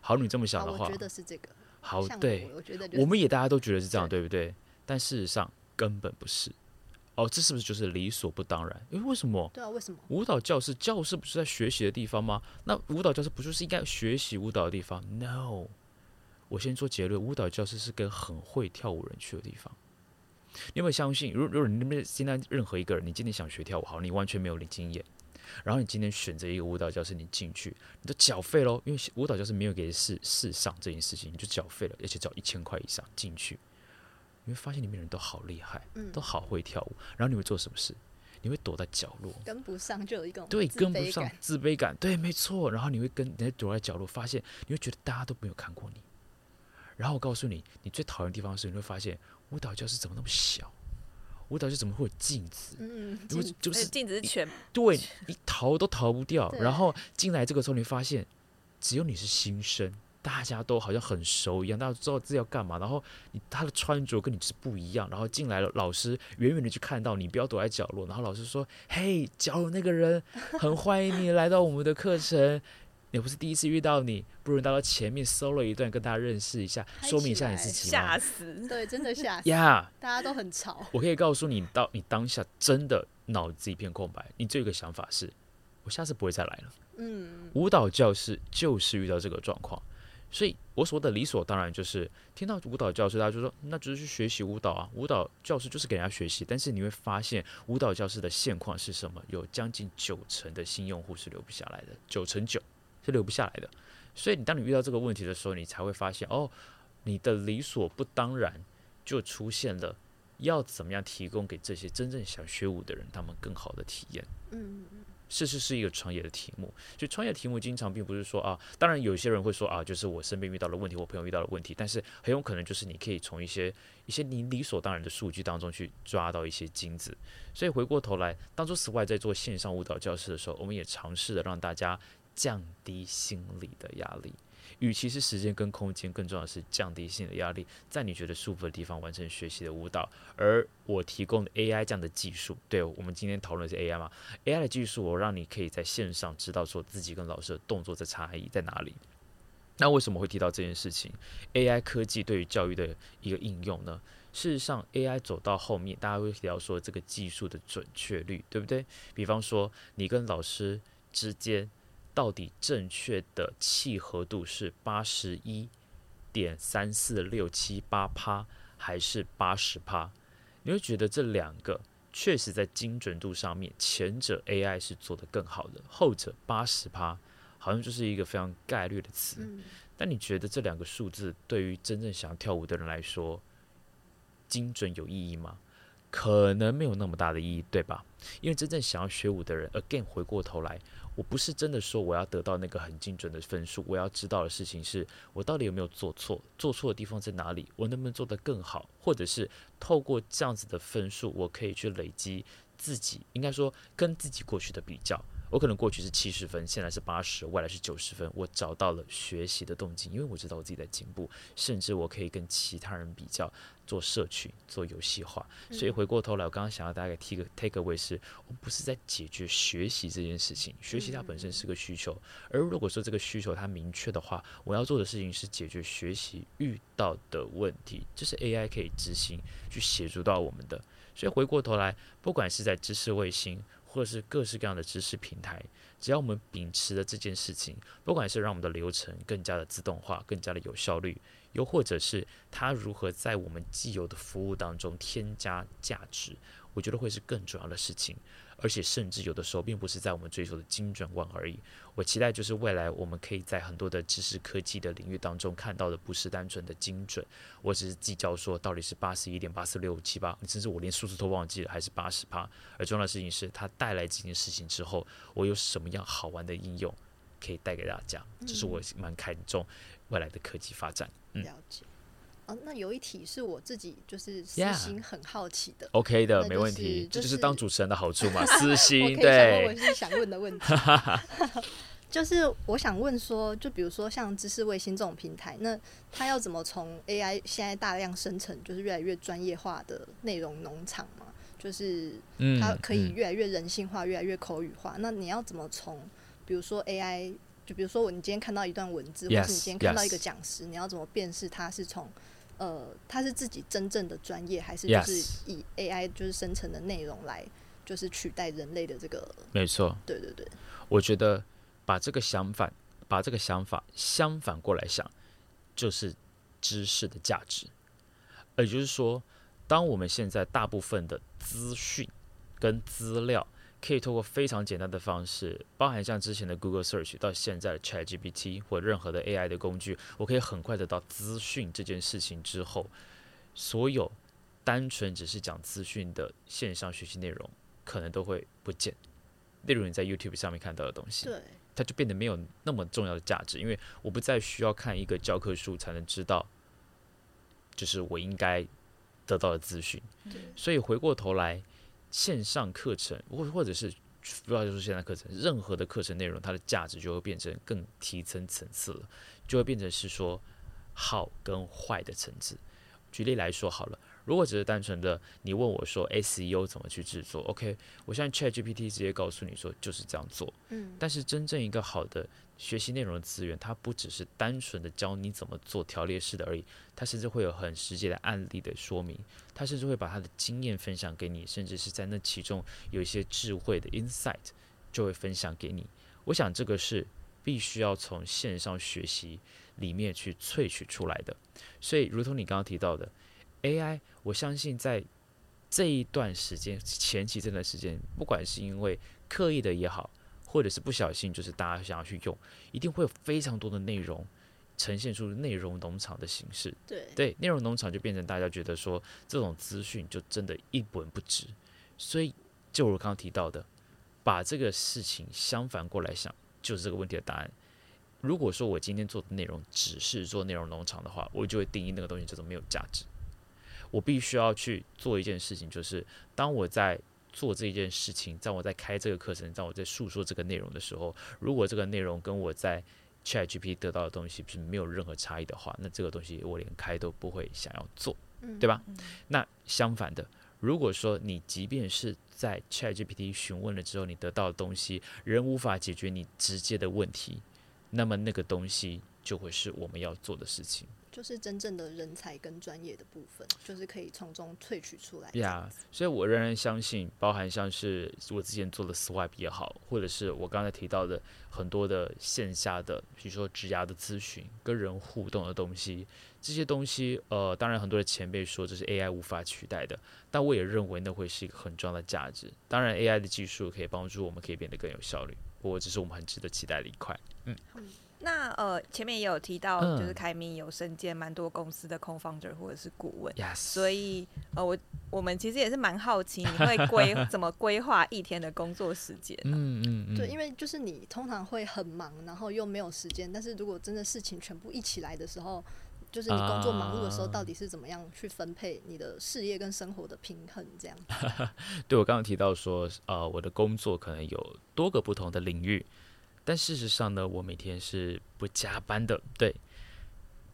好，你這麼想的話，好，我覺得是這個、好，對，我覺得就是這個，我們也大家都覺得是這樣，是的。對不對？但事實上根本不是。哦，這是不是就是理所不當然？因為為什麼？對啊，為什麼？舞蹈教室，教室不是在學習的地方嗎？那舞蹈教室不就是應該學習舞蹈的地方？No。我先做結論，舞蹈教室是跟很會跳舞人去的地方。你有沒有相信？如果如果你那邊現在任何一個人，你今天想學跳舞，好，你完全沒有經驗。然後你今天選擇一個舞蹈教室，你進去，你就繳費嘍。因為舞蹈教室沒有給試試上這件事情，你就繳費了，而且繳一千塊以上進去。你會發現裡面人都好厲害，嗯，都好會跳舞。然後你會做什麼事？你會躲在角落，跟不上就有一種對跟不上自卑感，對，沒錯。然後你會跟人家躲在角落，發現你會覺得大家都沒有看過你。然後我告訴你，你最討厭的地方是，你會發現舞蹈教室怎麼那麼小。舞蹈室怎麼會有鏡子？嗯，就是鏡子是全，你對你逃都逃不掉。對然後進來這個時候，你發現只有你是新生，大家都好像很熟一樣，大家都知道自己要幹嘛。然後他的穿着跟你是不一樣。然後進來了，老師遠遠的就看到你，不要躲在角落。然後老師說：“嘿，角落那個人，很歡迎你來到我們的課程。” <laughs> 你不是第一次遇到你，不如到前面 solo 一段，跟大家認識一下，說明一下你自己。嚇死！對，真的嚇死。呀！ <laughs> Yeah, 大家都很吵。我可以告訴你，到你當下真的腦子一片空白，你這個想法是：我下次不會再來了。嗯。舞蹈教室就是遇到這個狀況，所以我說的理所當然，就是聽到舞蹈教室，大家就說：那只是去學習舞蹈啊。舞蹈教室就是給人家學習，但是你會發現，舞蹈教室的現況是什麼？有將近九成的新用戶是留不下來的，九成九。就留不下來的，所以你當你遇到這個問題的時候，你才會發現哦，你的理所不當然就出現了。要怎麼樣提供給這些真正想學舞的人，他們更好的體驗？嗯嗯嗯，事實是一個創業的題目。就創業題目經常並不是說啊，當然有些人會說啊，就是我身邊遇到了問題，我朋友遇到了問題，但是很有可能就是你可以從一些一些你理所當然的數據當中去抓到一些金子。所以回過頭來，當初 Swipe 在做線上舞蹈教室的時候，我們也嘗試著讓大家。降低心理的壓力，與其是時間跟空間，更重要的是降低心理壓力，在你覺得舒服的地方完成學習的舞蹈。而我提供的 AI 這樣的技術，對我們今天討論的是 AI 嘛。AI 的技術，我讓你可以在線上知道說自己跟老師的動作的差異在哪裡。那為什麼會提到這件事情？AI 科技對於教育的一個應用呢？事實上，AI 走到後面，大家會聊說這個技術的準確率，對不對？比方說你跟老師之間。到底正確的契合度是八十一點三四六七八趴還是八十趴？你會覺得這兩個確實在精準度上面，前者 AI 是做得更好的，後者八十趴好像就是一個非常概率的詞。嗯。但你覺得這兩個數字對於真正想要跳舞的人來說，精準有意義嗎？可能沒有那麼大的意義，對吧？因為真正想要學舞的人，again 回過頭來。我不是真的說我要得到那個很精準的分數，我要知道的事情是我到底有沒有做錯，做錯的地方在哪裡，我能不能做得更好，或者是透過這樣子的分數，我可以去累積自己，應該說跟自己過去的比較，我可能過去是七十分，現在是八十，未來是九十分，我找到了學習的動機，因為我知道我自己在進步，甚至我可以跟其他人比較。做社群，做遊戲化，所以回過頭來，我剛剛想要大家 take take away 是，我們不是在解決學習這件事情，學習它本身是個需求，而如果說這個需求它明確的話，我要做的事情是解決學習遇到的問題，這，就是 AI 可以執行去協助到我們的。所以回過頭來，不管是在知識衛星，或者是各式各樣的知識平台，只要我們秉持着這件事情，不管是讓我們的流程更加的自動化，更加的有效率。又或者是它如何在我們既有的服務當中添加價值，我覺得會是更重要的事情。而且甚至有的時候，並不是在我們追求的精準觀而已。我期待就是未來我們可以在很多的知識科技的領域當中看到的，不是單純的精準。我只是計較說到底是八十一點八四六七八，甚至我連數字都忘記了，還是八十八。而重要的事情是它帶來這件事情之後，我有什麼樣好玩的應用。可以帶給大家，就是我蠻看重未來的科技發展。嗯嗯、了解啊，那有一題是我自己就是私心很好奇的。Yeah. OK 的，就是、沒問題，就是、這就是當主持人的好處嘛， <laughs> 私心對。我，我是想問的問題， <laughs> <laughs> 就是我想問說，就比如說像知識衛星這種平台，那它要怎麼從 AI 現在大量生成，就是越來越專業化的內容農場嘛？就是它可以越來越人性化，越來越口語化。那你要怎麼從？比如說 AI，就比如說我，你今天看到一段文字，yes, 或是你今天看到一個講師，Yes. 你要怎麼辨識他是從，呃，他是自己真正的專業，還是就是以 AI 就是生成的內容來，就是取代人類的這個？沒錯，對對對。我覺得把這個想法把這個想法相反過來想，就是知識的價值。也就是說，當我們現在大部分的資訊跟資料，可以透過非常簡單的方式，包含像之前的 Google Search 到現在的 ChatGPT 或任何的 AI 的工具，我可以很快得到資訊，這件事情之後，所有單純只是講資訊的線上學習內容，可能都會不見。例如你在 YouTube 上面看到的東西，它就變得沒有那麼重要的價值，因為我不再需要看一個教科書才能知道，就是我應該得到的資訊。對所以回過頭來。線上課程或或者是，不知道就是線上課程，任何的課程內容，它的價值就會變成更提升層次了，就會變成是說好跟壞的層次。舉例來說，好了。如果只是單純的你問我說 SEO 怎麼去制作，OK，我相信 ChatGPT 直接告訴你說就是這樣做。嗯，但是真正一個好的學習內容的資源，它不只是單純的教你怎麼做條列式的而已，它甚至會有很實際的案例的說明，它甚至會把它的經驗分享給你，甚至是在那其中有一些智慧的 insight 就會分享給你。我想這個是必須要從線上學習裡面去萃取出來的。所以，如同你剛剛提到的。AI，我相信在這一段時間前期這段時間，不管是因為刻意的也好，或者是不小心，就是大家想要去用，一定會有非常多的內容呈現出內容農場的形式。對對，內容農場就變成大家覺得說，這種資訊就真的一文不值。所以，就我剛剛提到的，把這個事情相反過來想，就是這個問題的答案。如果說我今天做的內容只是做內容農場的話，我就會定義那個東西叫做沒有價值。我必須要去做一件事情，就是當我在做這件事情，在我在開這個課程，在我在述說這個內容的時候，如果這個內容跟我在 ChatGPT 得到的東西是沒有任何差異的話，那這個東西我連開都不會想要做，對吧？嗯嗯，那相反的，如果說你即便是在 ChatGPT 詢問了之後，你得到的東西仍無法解決你直接的問題，那麼那個東西，就會是我們要做的事情，就是真正的人才跟專業的部分，就是可以從中萃取出來。對啊，所以我仍然相信，包含像是我之前做的 Swipe 也好，或者是我剛才提到的很多的線下的，比如說職涯的諮詢、跟人互動的東西，這些東西，呃，當然很多的前輩說這是 AI 無法取代的，但我也認為那會是一個很重要的價值。當然，AI 的技術可以幫助我們可以變得更有效率，不過這是我們很值得期待的一塊。嗯。嗯。那呃，前面也有提到，嗯、就是 KM 有身兼蠻多公司的 co-founder 或者是顧問，Yes 所以呃，我我們其實也是蠻好奇，你會規 <laughs> 怎麼規劃一天的工作時間、啊嗯？嗯嗯嗯。對，因為就是你通常會很忙，然後又沒有時間，但是如果真的事情全部一起來的時候，就是你工作忙碌的時候，啊、到底是怎麼樣去分配你的事業跟生活的平衡？這樣。 <laughs> 對，我剛剛提到說，呃，我的工作可能有多個不同的領域。但事實上呢，我每天是不加班的，對，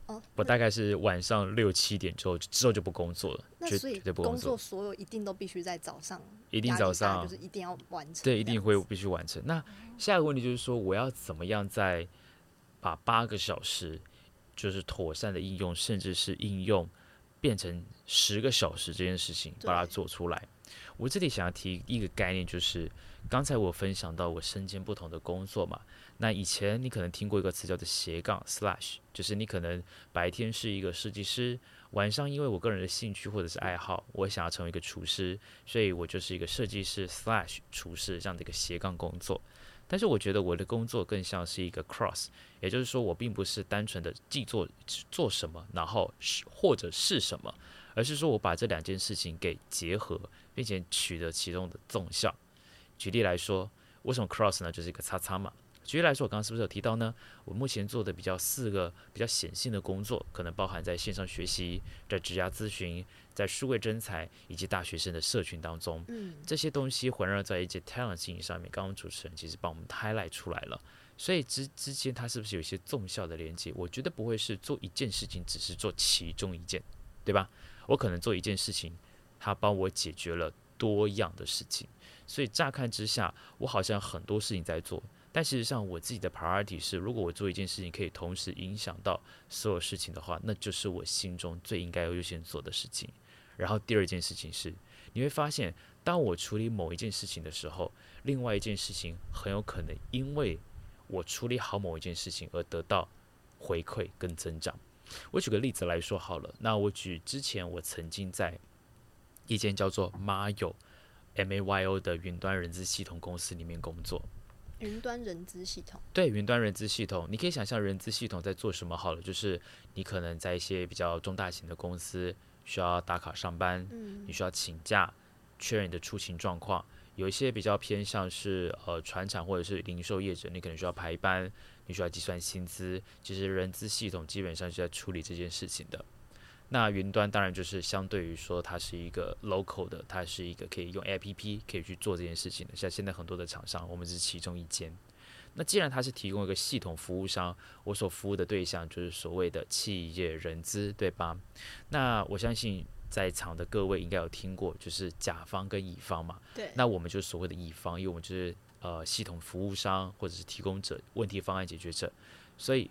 哦，我大概是晚上六七點之後，嗯、之後就不工作了，絕絕不工作。工作所有一定都必須在早上，一定早上、啊、就是一定要完成，對，一定會必須完成。那下一個問題就是說，我要怎麼樣再把八個小時就是妥善的應用，甚至是應用變成十個小時這件事情，對把它做出來。我這裡想要提一個概念，就是剛才我分享到我身兼不同的工作嘛。那以前你可能聽過一個詞叫做斜槓 （slash），就是你可能白天是一個設計師，晚上因為我個人的興趣或者是愛好，我想要成為一個廚師，所以我就是一個設計師 slash，廚師這樣的一個斜槓工作。但是我覺得我的工作更像是一個 cross，也就是說我並不是單純的既做做什麼，然後是或者是什麼。而是說我把這兩件事情給結合，並且取得其中的綜效。舉例來說，為什麼 cross 呢？就是一個叉叉嘛。舉例來說，我剛剛是不是有提到呢？我目前做的比較四個比較顯性的工作，可能包含在線上學習，在職涯諮詢，在數位人才以及大學生的社群當中，嗯，這些東西環繞在一些 talent 經營上面。剛剛主持人其實幫我們 highlight 出來了，所以之之間它是不是有一些綜效的連接？我覺得不會是做一件事情，只是做其中一件，對吧？我可能做一件事情，它幫我解決了多樣的事情，所以乍看之下，我好像很多事情在做，但事實上我自己的 priority 是，如果我做一件事情可以同時影響到所有事情的話，那就是我心中最應該優先做的事情。然後第二件事情是，你會發現，當我處理某一件事情的時候，另外一件事情很有可能因為我處理好某一件事情而得到回饋跟增長。我舉個例子來說好了，那我舉之前我曾經在一間叫做 Mayo M A Y O 的雲端人資系統公司裡面工作。雲端人資系統？對，雲端人資系統，你可以想象人資系統在做什麼好了，就是你可能在一些比較中大型的公司需要打卡上班，嗯、你需要請假，確認你的出勤狀況。有一些比較偏向是呃船廠或者是零售業者，你可能需要排班，你需要計算薪資，其實人資系統基本上是在處理這件事情的。那雲端當然就是相對於說它是一個 local 的，它是一個可以用 APP 可以去做這件事情的。像現在很多的廠商，我們是其中一間。那既然它是提供一個系統服務商，我所服務的對象就是所謂的企業人資，對吧？那我相信。在場的各位應該有聽過，就是甲方跟乙方嘛。對。那我們就所謂的乙方，因為我們就是呃系統服務商或者是提供者、問題方案解決者，所以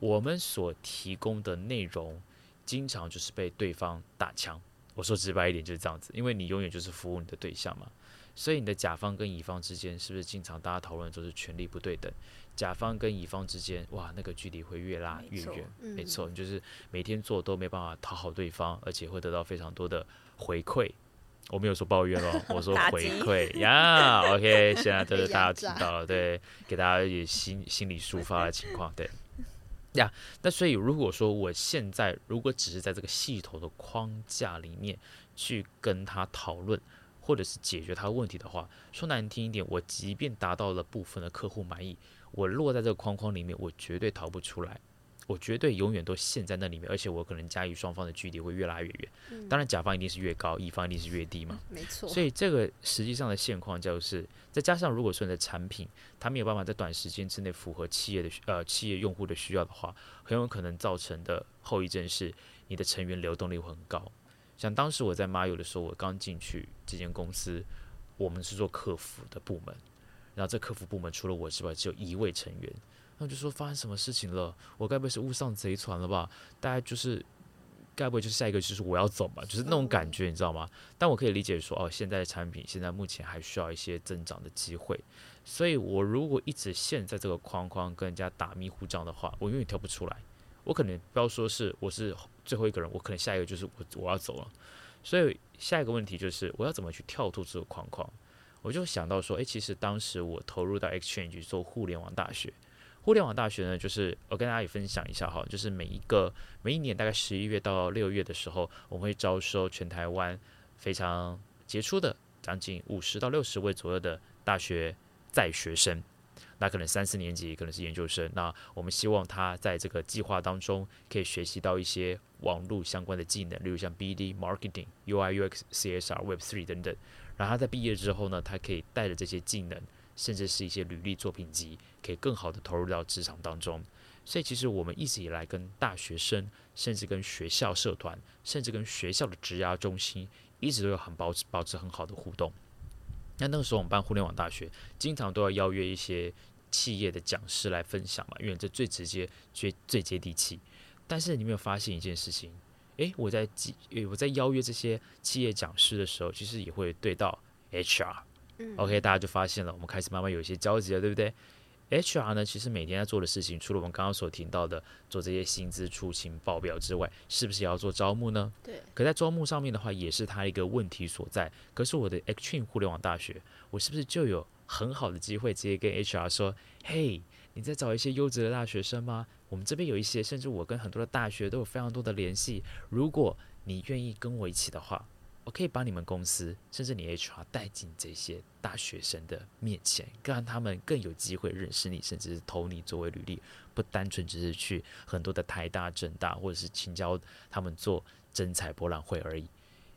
我們所提供的內容，經常就是被對方打槍。我說直白一點就是這樣子，因為你永遠就是服務你的對象嘛，所以你的甲方跟乙方之間，是不是經常大家討論都是權力不對等？甲方跟乙方之間，哇，那個距離會越拉錯越遠。沒錯，你就是每天做都沒辦法討好對方，嗯、而且會得到非常多的回饋。我沒有說抱怨哦，我說回饋呀 <laughs> 擊、yeah，OK，現在都是大家聽到了， <laughs> 對，給大家也心心理抒發的情況，對呀。Yeah, 那所以如果說我現在如果只是在這個系統的框架裡面去跟他討論。或者是解決他問題的話，說難聽一點，我即便達到了部分的客戶滿意，我落在這個框框裡面，我絕對逃不出來，我絕對永遠都陷在那裡面，而且我可能甲乙雙方的距離會越拉越遠。嗯、當然，甲方一定是越高，乙方一定是越低嘛。嗯、沒錯。所以這個實際上的現況就是，再加上如果說你的產品它沒有辦法在短時間之內符合企業的呃企業用戶的需要的話，很有可能造成的後遺症是你的成員流動率會很高。像當時我在馬油的時候，我剛進去這間公司，我們是做客服的部門，然後這客服部門除了我之外，只有一位成員，那我就說，發生什麼事情了，我該不會是誤上賊船了吧？大概就是，該不會就下一個就是我要走吧？就是那種感覺，你知道嗎？但我可以理解說，哦，現在的產品現在目前還需要一些增長的機會，所以我如果一直陷在這個框框跟人家打迷糊仗的話，我永遠跳不出來。我可能不要說是我是最後一個人，我可能下一個就是我，我要走了，所以下一個問題就是我要怎麼去跳脫這個框框？我就想到說，哎、欸，其實當時我投入到 XChange 做互聯網大學，互聯網大學呢，就是我跟大家也分享一下哈，就是每一個每一年大概十一月到六月的時候，我們會招收全台灣非常傑出的，將近五十到六十位左右的大學在學生。他可能三四年級，也可能是研究生。那我們希望他在這個計劃當中可以學習到一些網絡相關的技能，例如像 B D marketing、U I U X、C S R、Web three 等等。然後他在畢業之後呢，他可以帶着這些技能，甚至是一些履歷作品集，可以更好的投入到職場當中。所以其實我們一直以來跟大學生，甚至跟學校社團，甚至跟學校的職壓職涯中心，一直都有很保持保持很好的互動。那那個時候我們辦互聯網大學，經常都要邀約一些。企業的講師來分享嘛，因為這最直接、最最接地氣。但是你沒有發現一件事情，誒，我在記，我在邀約這些企業講師的時候，其實也會對到 HR。嗯，OK，大家就發現了，我們開始慢慢有一些交集了，對不對？HR 呢，其實每天在做的事情，除了我們剛剛所提到的做這些薪資、出勤報表之外，是不是也要做招募呢？對。可在招募上面的話，也是他一個問題所在。可是我的 Action 互聯網大學，我是不是就有？很好的機會，直接跟 HR 說：“嘿、hey，你在找一些優質的大學生嗎？我們這邊有一些，甚至我跟很多的大學都有非常多的聯繫。如果你願意跟我一起的話，我可以把你們公司，甚至你 HR 帶進這些大學生的面前，讓他們更有機會認識你，甚至是投你作為履歷，不單純只是去很多的台大、政大或者是清交他們做徵才博覽會而已。”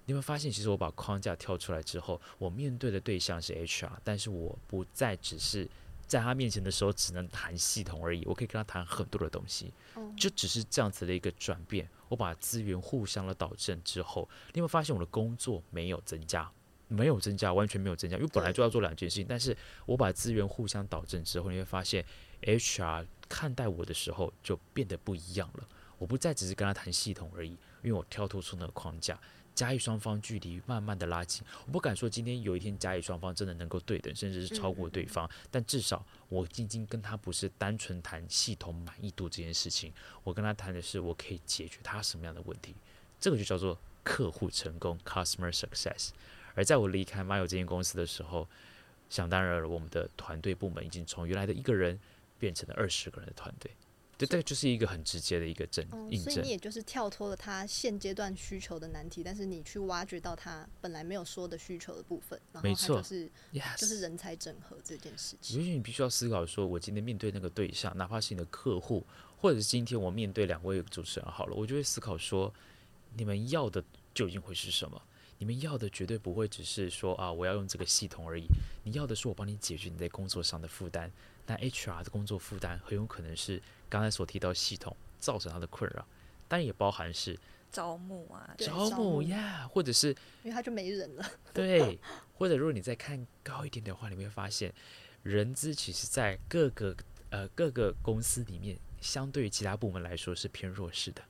你會發現，其實我把框架跳出來之後，我面對的對象是 HR，但是我不再只是在他面前的時候只能談系統而已。我可以跟他談很多的東西，就只是這樣子的一個轉變。我把資源互相的導正之後，你會發現我的工作沒有增加，沒有增加，完全沒有增加，因為本來就要做兩件事情。對但是我把資源互相導正之後，你會發現 HR 看待我的時候就變得不一樣了。我不再只是跟他談系統而已，因為我跳脫出那個框架。甲乙雙方距離慢慢的拉近，我不敢說今天有一天甲乙雙方真的能夠對等，甚至是超過對方，但至少我今天跟他不是單純談系統滿意度這件事情，我跟他談的是我可以解決他什麼樣的問題，這個就叫做客戶成功 （customer success）。而在我離開 MIO 這間公司的時候，想當然了我們的團隊部門已經從原來的一個人變成了二十個人的團隊。對，對，這以就是一個很直接的一個證、哦，所以你也就是跳脫了他現階段需求的難題，但是你去挖掘到他本來沒有說的需求的部分，然後他就是、沒錯，是，就是人才整合這件事情。也許你必須要思考說，我今天面對那個對象，哪怕是你的客戶，或者是今天我面對兩位主持人，好了，我就會思考說，你們要的究竟會是什麼？你們要的絕對不會只是說啊，我要用這個系統而已。你要的是我幫你解決你在工作上的負擔，那 HR 的工作負擔很有可能是。剛才所提到系統造成他的困擾，但也包含是招募啊，招募呀，對 yeah, 或者是因為他就沒人了，對。 <laughs> 或者如果你再看高一點的話，你會發現，人資其實，在各個呃各個公司裡面，相對於其他部門來說是偏弱勢的，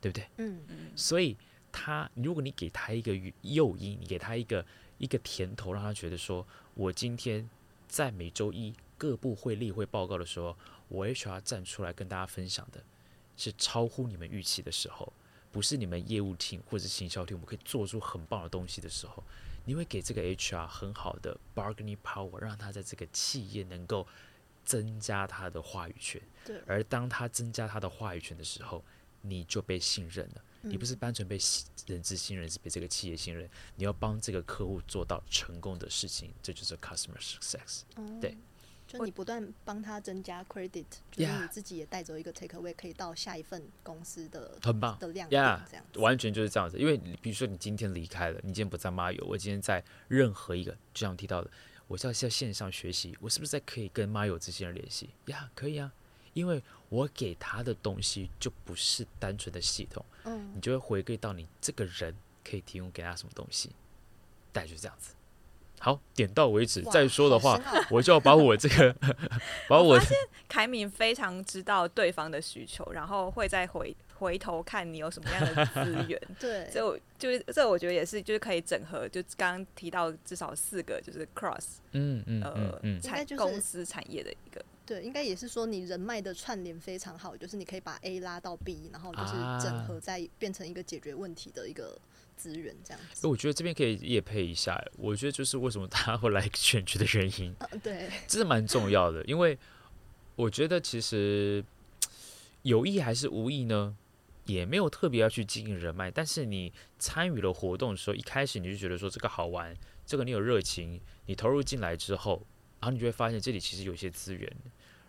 對不對？嗯嗯。所以他如果你給他一個誘、誘因，你給他一個一個甜頭，讓他覺得說，我今天在每周一。各部會例會報告的時候，我 HR 站出來跟大家分享的，是超乎你們預期的時候，不是你們業務廳或者行銷廳，我們可以做出很棒的東西的時候，你會給這個 HR 很好的 bargaining power，讓他在這個企業能夠增加他的話語權。對。而當他增加他的話語權的時候，你就被信任了。嗯。你不是單純被人之信任，是被這個企業信任。你要幫這個客戶做到成功的事情，這就是 customer success。哦。對。就你不斷幫他增加 credit，就是你自己也帶走一個 take away，可以到下一份公司的很棒的亮點。這樣子 yeah, 完全就是這樣子。因為你比如說你今天離開了，你今天不在 Mario 我今天在任何一個，就像提到的，我是在在線上學習，我是不是在可以跟 Mario 這些人聯繫？呀，yeah，可以啊，因為我給他的東西就不是單純的系統，嗯，你就會回歸到你這個人可以提供給他什麼東西，大概就是這樣子。好，點到為止。哇再說的話，我就要把我這個， <laughs> 把我，我發現 KM 非常知道對方的需求，然後會再回回頭看你有什麼樣的資源。 <laughs> 對，所以我，所以就是這，我覺得也是，就是可以整合。就剛剛提到至少四個，就是 cross，嗯嗯呃，產、就是、公司產業的一個。對，應該也是說你人脈的串聯非常好，就是你可以把 A 拉到 B，然後就是整合再變成一個解決問題的一個。啊資源這樣子，我覺得這邊可以業配一下。我覺得就是為什麼他會來選舉的原因，對，這是蠻重要的。因為我覺得其實有意還是無意呢，也沒有特別要去經營人脈。但是你參與了活動的時候，一開始你就覺得說這個好玩，這個你有熱情，你投入進來之後，然後你就會發現這裡其實有些資源。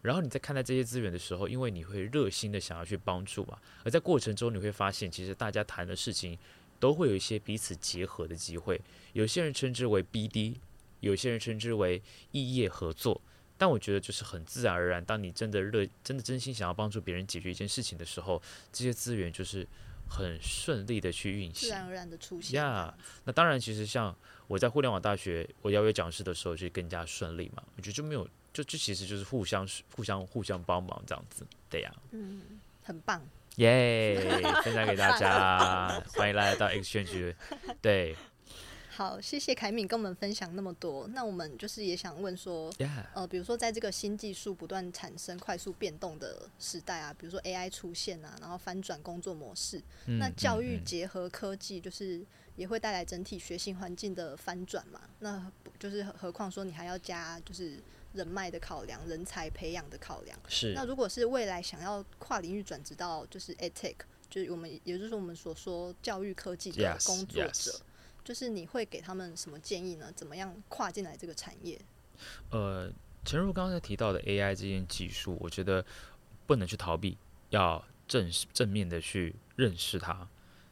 然後你在看待這些資源的時候，因為你會熱心的想要去幫助嘛，而在過程中你會發現，其實大家談的事情。都會有一些彼此結合的機會，有些人稱之為 BD，有些人稱之為異業合作，但我覺得就是很自然而然。當你真的熱，真的真心想要幫助別人解決一件事情的時候，這些資源就是很順利的去運行，自然而然的出現呀。Yeah, 那當然，其實像我在互聯網大學，我邀約講師的時候就更加順利嘛。我覺得就沒有，就這其實就是互相互相互相幫忙這樣子，對呀。嗯，很棒。耶，yeah, <laughs> 分享給大家， <laughs> 歡迎來到 XChange。 <laughs> 對，好，謝謝 KM 跟我們分享那麼多。那我們就是也想問說，Yeah. 呃，比如說在這個新技術不斷產生、快速變動的時代啊，比如說 AI 出現啊，然後翻轉工作模式， <laughs> 那教育結合科技，就是也會帶來整體學習環境的翻轉嘛？ <laughs> 嗯嗯、那就是何況說你還要加，就是。人脈的考量、人才培養的考量。是。那如果是未來想要跨領域轉職到就是 EdTech，就是我們也就是說我們所說教育科技的工作者，yes, yes. 就是你會給他們什麼建議呢？怎麼樣跨進來這個產業？呃，誠如剛才提到的 AI 這件技術，我覺得不能去逃避，要正正面的去認識它。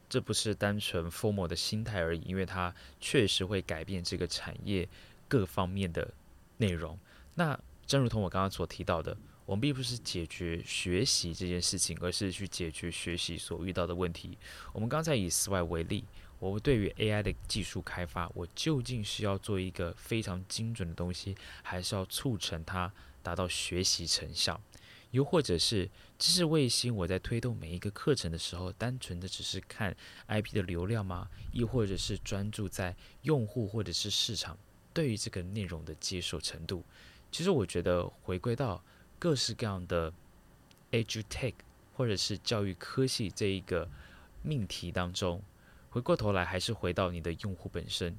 這不是單純 FOMO 的心態而已，因為它確實會改變這個產業各方面的內容。那正如同我剛剛所提到的，我們並不是解決學習這件事情，而是去解決學習所遇到的問題。我們剛才以此外為例，我們對於 A I 的技術開發，我究竟是要做一個非常精準的東西，還是要促成它達到學習成效？又或者是知識衛星，我在推動每一個課程的時候，單純的只是看 I P 的流量嗎？亦或者是專注在用戶或者是市場對於這個內容的接受程度？其實我覺得，回歸到各式各樣的 EdTech 或者是教育科技這一個命題當中，回過頭來還是回到你的用戶本身，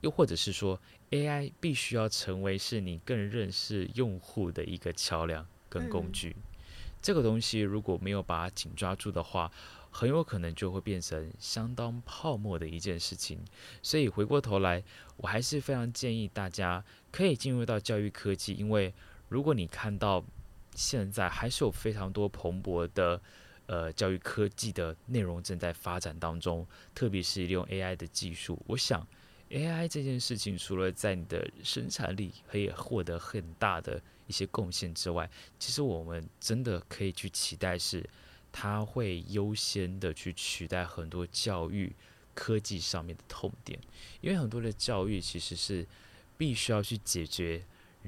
又或者是說 AI 必須要成為是你更認識用戶的一個橋梁跟工具。嗯、這個東西如果沒有把它緊抓住的話，很有可能就會變成相當泡沫的一件事情，所以回過頭來，我還是非常建議大家可以進入到教育科技，因為如果你看到現在還是有非常多蓬勃的，呃，教育科技的內容正在發展當中，特別是利用 AI 的技術。我想 AI 這件事情，除了在你的生產力可以獲得很大的一些貢獻之外，其實我們真的可以去期待是。他會優先的去取代很多教育科技上面的痛點，因為很多的教育其實是必須要去解決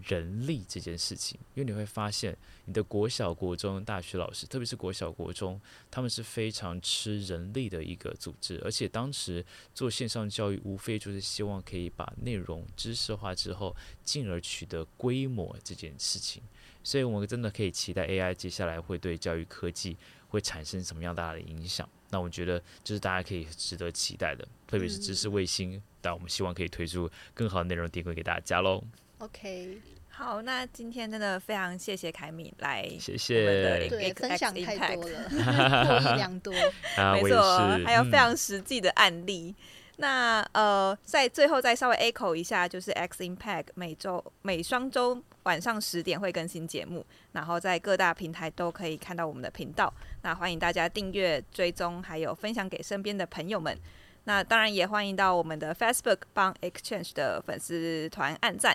人力這件事情，因為你會發現你的國小、國中、大學老師，特別是國小、國中，他們是非常吃人力的一個組織，而且當時做線上教育，無非就是希望可以把內容知識化之後，進而取得規模這件事情。所以，我們真的可以期待 AI 接下來會對教育科技會產生什麼樣大的影響？那我覺得就是大家可以值得期待的，特別是知識衛星。嗯、但我們希望可以推出更好的內容，定位給大家嘍。OK，好，那今天真的非常謝謝 KM 來，謝謝 X X 對分享太多了， <laughs> 獲益良多。 <laughs> 啊，沒錯，嗯、還有非常實際的案例。那呃，在最後再稍微 echo 一下，就是 X Impact 每週每雙週。晚上十點會更新節目，然後在各大平台都可以看到我們的頻道。那歡迎大家訂閱、追蹤，還有分享給身邊的朋友們。那當然也歡迎到我們的 Facebook 幫 XChange 的粉絲團按讚。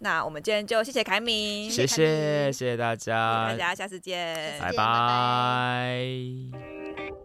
那我們今天就謝謝 KM，謝謝謝謝，謝謝大家，大家下次見，拜拜。拜拜。